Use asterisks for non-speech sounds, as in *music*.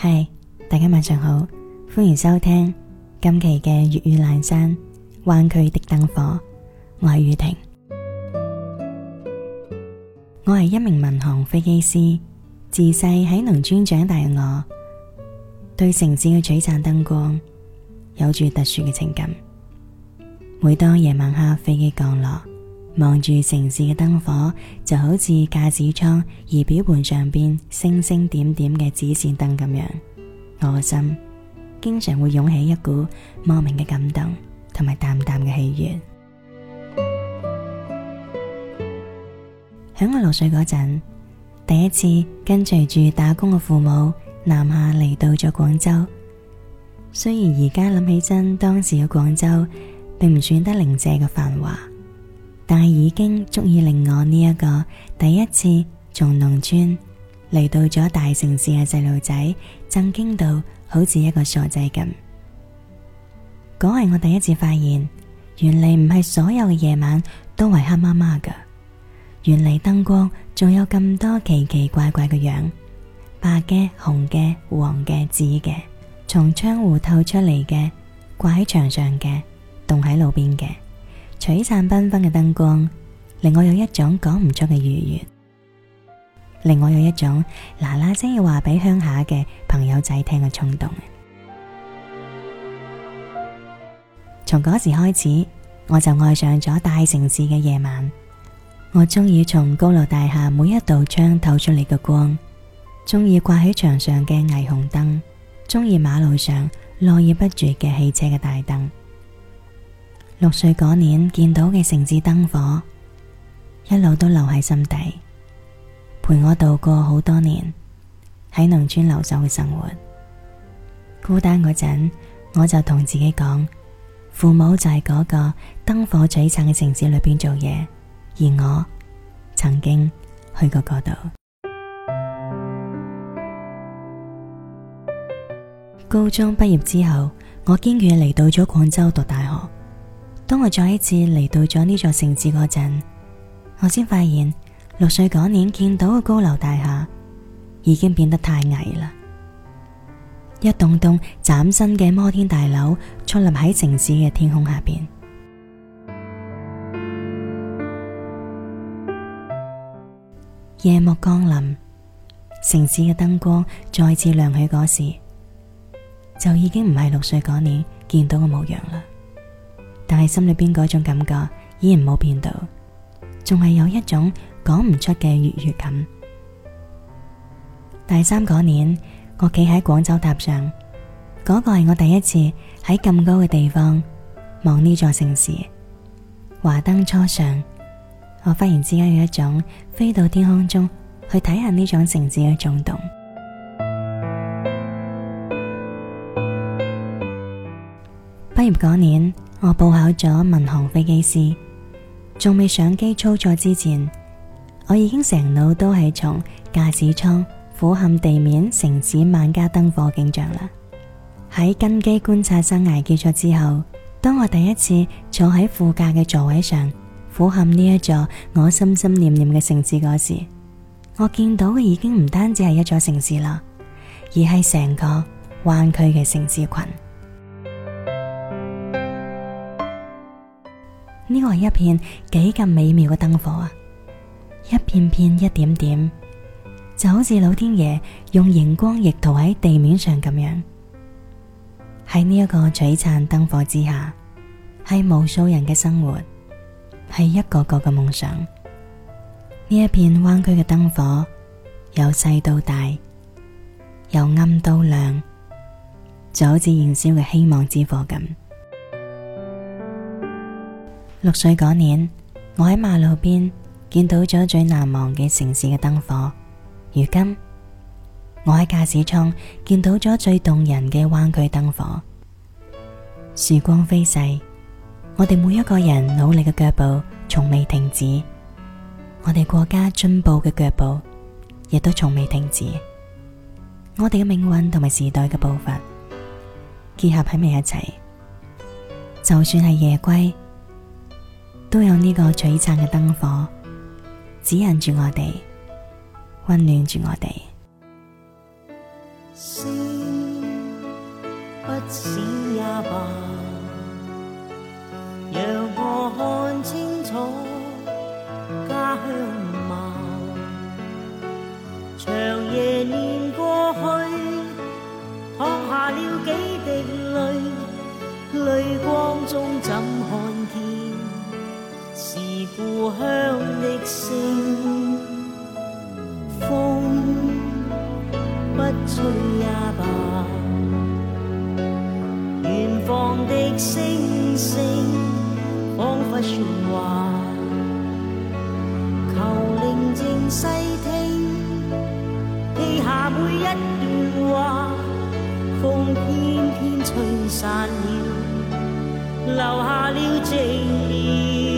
嗨，hey，大家晚上好，歡迎收聽今期嘅粵語闌山。灣區的燈火，我係宇婷。我係一名民航飛機師，自細喺農村長大嘅我，對城市嘅璀璨燈光有住特殊嘅情感。每當夜晚黑，飛機降落。望住城市嘅燈火，就好似駕駛艙儀表盤上邊星星點點嘅指示燈咁樣，我心經常會湧起一股莫名嘅感動，同埋淡淡嘅喜悅。響 *music* 我六歲嗰陣，第一次跟隨住打工嘅父母南下嚟到咗廣州。雖然而家諗起真，當時嘅廣州並唔算得零舍嘅繁華。但係已經足以令我呢一個第一次從農村嚟到咗大城市嘅細路仔震驚到好似一個傻仔咁。嗰係我第一次發現，原嚟唔係所有嘅夜晚都係黑麻麻噶，原嚟燈光仲有咁多奇奇怪怪嘅樣，白嘅、紅嘅、黃嘅、紫嘅，從窗戶透出嚟嘅，掛喺牆上嘅，戙喺路邊嘅。璀璨繽紛嘅燈光令我有一種講唔出嘅愉悦，令我有一種嗱嗱聲要話俾鄉下嘅朋友仔聽嘅衝動。從嗰 *music* 時開始，我就愛上咗大城市嘅夜晚。我鍾意從高樓大廈每一道窗透出嚟嘅光，鍾意掛喺牆上嘅霓虹燈，鍾意馬路上絡繹不絕嘅汽車嘅大燈。六歲嗰年見到嘅城市燈火，一路都留喺心底，陪我度過好多年喺農村留守嘅生活。孤單嗰陣，我就同自己講，父母就係嗰個燈火璀璨嘅城市裏邊做嘢，而我曾經去過嗰度。 *music* 高中畢業之後，我堅決嚟到咗廣州讀大學。當我再一次嚟到咗呢座城市嗰陣，我先發現六歲嗰年見到嘅高樓大廈已經變得太矮啦。一棟棟嶄新嘅摩天大樓矗立喺城市嘅天空下邊。夜幕降臨，城市嘅燈光再次亮起嗰時，就已經唔係六歲嗰年見到嘅模樣啦。但係心裏邊嗰種感覺依然冇變到，仲係有一種講唔出嘅愉悅感。大三嗰年，我企喺廣州塔上，嗰、那個係我第一次喺咁高嘅地方望呢座城市。華燈初上，我忽然之間有一種飛到天空中去睇下呢種城市嘅衝動。畢業嗰年，我報考咗民航飛機師，仲未上機操作之前，我已經成腦都係從駕駛艙俯瞰地面城市萬家燈火景象啦。喺跟機觀察生涯結束之後，當我第一次坐喺副駕嘅座位上俯瞰呢一座我心心念念嘅城市嗰時，我見到嘅已經唔單止係一座城市啦，而係成個灣區嘅城市群。呢個係一片幾咁美妙嘅燈火啊！一片片、一點點，就好似老天爺用熒光液塗喺地面上咁樣。喺呢一個璀璨燈火之下，係無數人嘅生活，係一個個嘅夢想。呢一片灣區嘅燈火，由細到大，由暗到亮，就好似燃燒嘅希望之火咁。六歲嗰年，我喺馬路邊見到咗最難忘嘅城市嘅燈火。如今，我喺駕駛艙見到咗最動人嘅灣區燈火。時光飛逝，我哋每一個人努力嘅腳步從未停止，我哋國家進步嘅腳步亦都從未停止。我哋嘅命運同埋時代嘅步伐結合喺埋一齊，就算係夜歸，都有呢個璀璨嘅燈火，指引住我哋，溫暖住我哋。閃不閃也罷，讓我看清楚家鄉。故鄉的聲，風不吹也罷。遠方的星星仿佛說話，求寧靜細聽，記下每一段話。風偏偏吹散了，留下了寂寥。